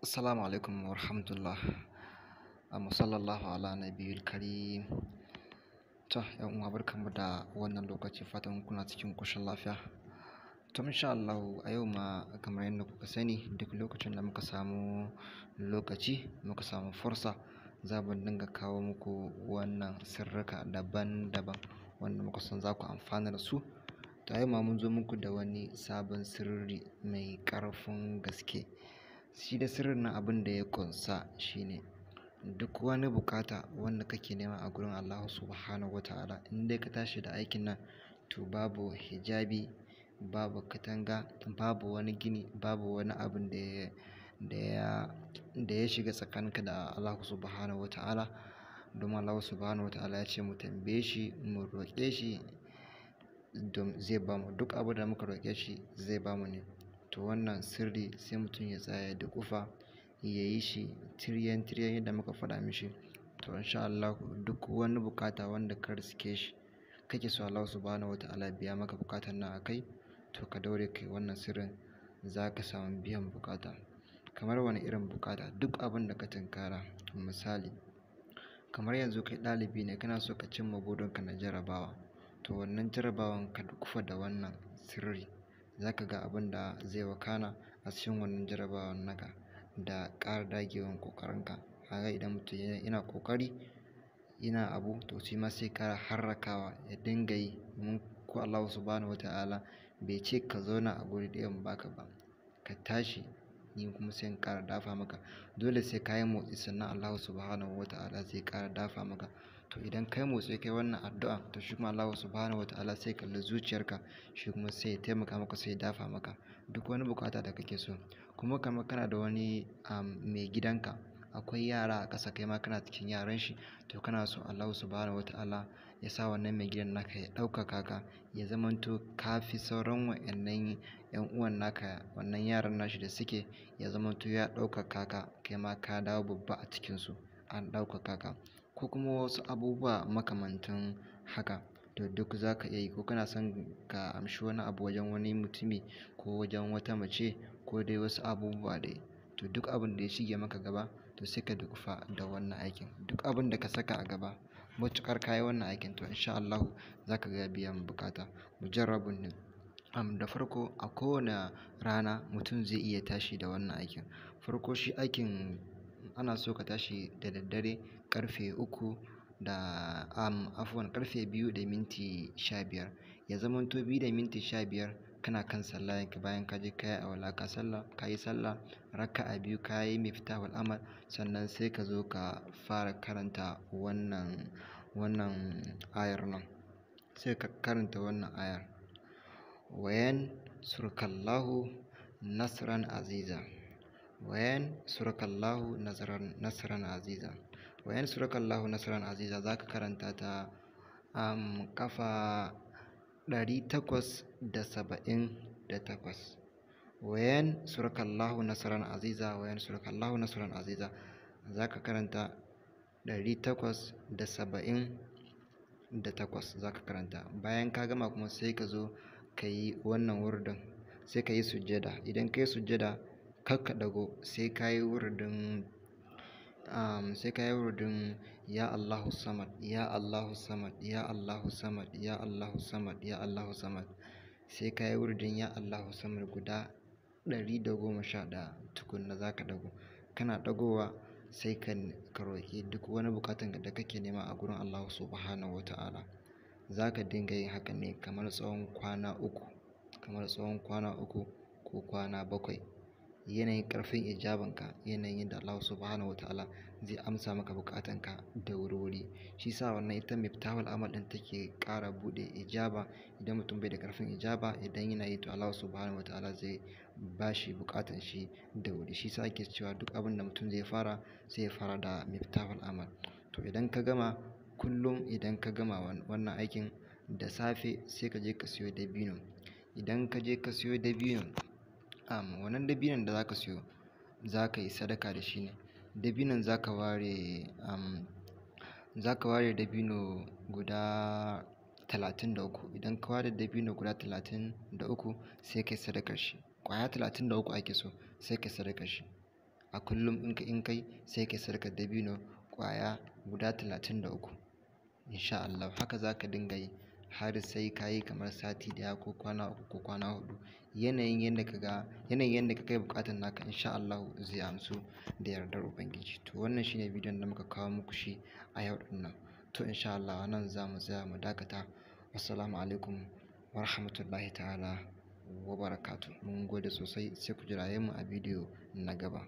Assalamu alaikum wa rahmatullah. A sallallahu ala nabiyil karim. To, ‘yan uwa barkanmu da wannan lokaci fatan kuna cikin koshin lafiya. To, insha Allah a yau ma kamar yadda kuka sani duk lokacin da muka samu lokaci muka samu fursa za mu dinga kawo muku wannan sirrika daban-daban wanda muka san za ku amfana da su. ta a yau ma mun zo muku da wani sabon sirri mai ƙarfin gaske. Shi da sirrin nan abin da ya ƙunsa shine duk wani bukata wanda kake nema a gurin Allah Subhanahu wa ta'ala in dai ka tashi da aikin nan to babu hijabi, babu katanga, babu wani gini, babu wani abin da ya, shiga tsakaninka da Allah Subhanahu wa ta'ala. Domin Allah Subhanahu wa ta'ala ya ce mu tambaye shi, mu roƙe shi, dom zai bamu. Duk abin da muka roƙe shi zai bamu ne. To wannan sirri sai mutum ya tsaya da kufa ya yi shi tiryan tiryan yadda muka faɗa mishi. To in sha duk wani bukata wanda ka riske shi kake so Allah Subhanahu wa ta'ala biya maka bukatan nan a kai to ka daure kai wannan sirrin za ka samu biyan bukata. Kamar wani irin bukata? Duk abin da ka tinkara. Misali, kamar yanzu kai ɗalibi ne kana so ka cimma burinka na jarabawa. To wannan jarabawan ka kufa da wannan sirri. za ka ga abin da zai wakana a cikin wannan jarabawar naka da ƙara dagewan ƙoƙarinka. Kaga idan mutum yana ƙoƙari yana abu to shi ma sai ƙara harrakawa ya dinga yi. mun ko Allahu Subhanahu wa ta'ala bai ce ka zauna a guri ɗayan ba ba. Ka tashi. ni kuma sai in ƙara dafa maka dole sai ka motsi sannan Allah subhanahu wa ta'ala zai ƙara dafa maka to idan kai motsi kai wannan addu'a to shi kuma Allah subhanahu wa ta'ala sai kalli zuciyarka shi kuma sai taimaka maka sai dafa maka duk wani bukata da kake so kuma kamar kana da wani mai gidanka akwai yara a ƙasa kai ma kana cikin yaran shi to kana so Allahu subhanahu wata'ala ya sa wannan mai gidan naka ya ɗaukaka ka ya zamanto ka fi sauran wa'annan yan uwan naka wannan yaran nashi da suke ya zamanto ya ɗaukaka ka kai ma ka dawo babba a cikin su an ɗaukaka ka ko kuma wasu abubuwa makamantan haka to duk za ka iya yi ko kana son ka amshi wani abu wajen wani mutumi ko wajen wata mace ko dai wasu abubuwa dai to duk abin da ya shige maka gaba to sai ka dukufa da wannan aikin duk abin da ka saka a gaba matuƙar ka wannan aikin to insha Allahu za ka ga biyan buƙata mujarrabun ne am da farko a kowane rana mutum zai iya tashi da wannan aikin farko shi aikin ana so ka tashi da daddare karfe uku da um, afwan karfe biyu da minti sha biyar ya zamanto biyu da minti sha biyar kana kan sallah yanka bayan ka je ka yi ka sallah ka yi sallah raka'a biyu ka yi wal amal sannan sai ka zo ka fara karanta wannan wannan ayar nan sai ka karanta wannan ayar wayan surkallahu nasran aziza wayan surkallahu nasran aziza wayan surkallahu nasran aziza zaka karanta ta um, kafa da saba'in da takwas wayan surak'allahu nasaran aziza wayan surak'allahu nasaran aziza za ka karanta ɗari takwas da saba'in da takwas za ka karanta bayan ka gama kuma sai ka zo ka yi wannan wurdin sai ka yi sujjada idan ka yi sujjada kar ka ɗago sai ka yi wurdin um, sai ka yi wurdin ya Allahu samad ya Allahu samad ya Allahu samad ya Allahu samad ya Allahu samad sai ka yi wurdin ya Allahu samar guda ɗari da goma sha ɗaya tukunna za ka ɗago kana ɗagowa sai ka ka duk wani buƙatan da kake nema a gurin Allahu subhanahu wa ta'ala za ka dinga yin haka ne kamar tsawon kwana uku kamar tsawon kwana uku ko kwana bakwai yanayin ƙarfin ka yanayin da Allah subhanahu ta'ala zai amsa maka ka da wuri-wuri shi sa wannan ita miftahul amal ɗin take ƙara buɗe ijaba idan mutum bai da ƙarfin ijaba idan yana yi to Allah subhanahu ta'ala zai bashi buƙatan shi da wuri shi sa ake cewa duk abin da mutum zai fara sai ya fara da miftahul amal to idan ka gama kullum idan ka gama wannan aikin da safe sai ka je ka siyo dabino idan ka je ka siyo dabino am wannan dabinan da za ka siyo za ka yi sadaka da shi ne dabinan za ka ware am za ka ware dabino guda talatin da uku idan ka ware dabino guda talatin da uku sai ka yi sadakar shi ƙwaya talatin da uku ake so sai ka yi sadakar shi a kullum in ka in kai sai ka yi sadakar dabino ƙwaya guda talatin da uku insha Allah haka za ka dinga yi har sai ka yi kamar sati daya ko kwana uku ko kwana huɗu yanayin yadda ka ga yanayin yadda ka kai buƙatar naka insha Allahu zai amsu da yardar Ubangiji to wannan shine bidiyon da muka kawo muku shi a yau ɗin nan to insha Allah nan za mu tsaya mu dakata assalamu alaikum wa rahmatullahi ta'ala wa barakatu mun gode sosai sai ku jira mu a bidiyo na gaba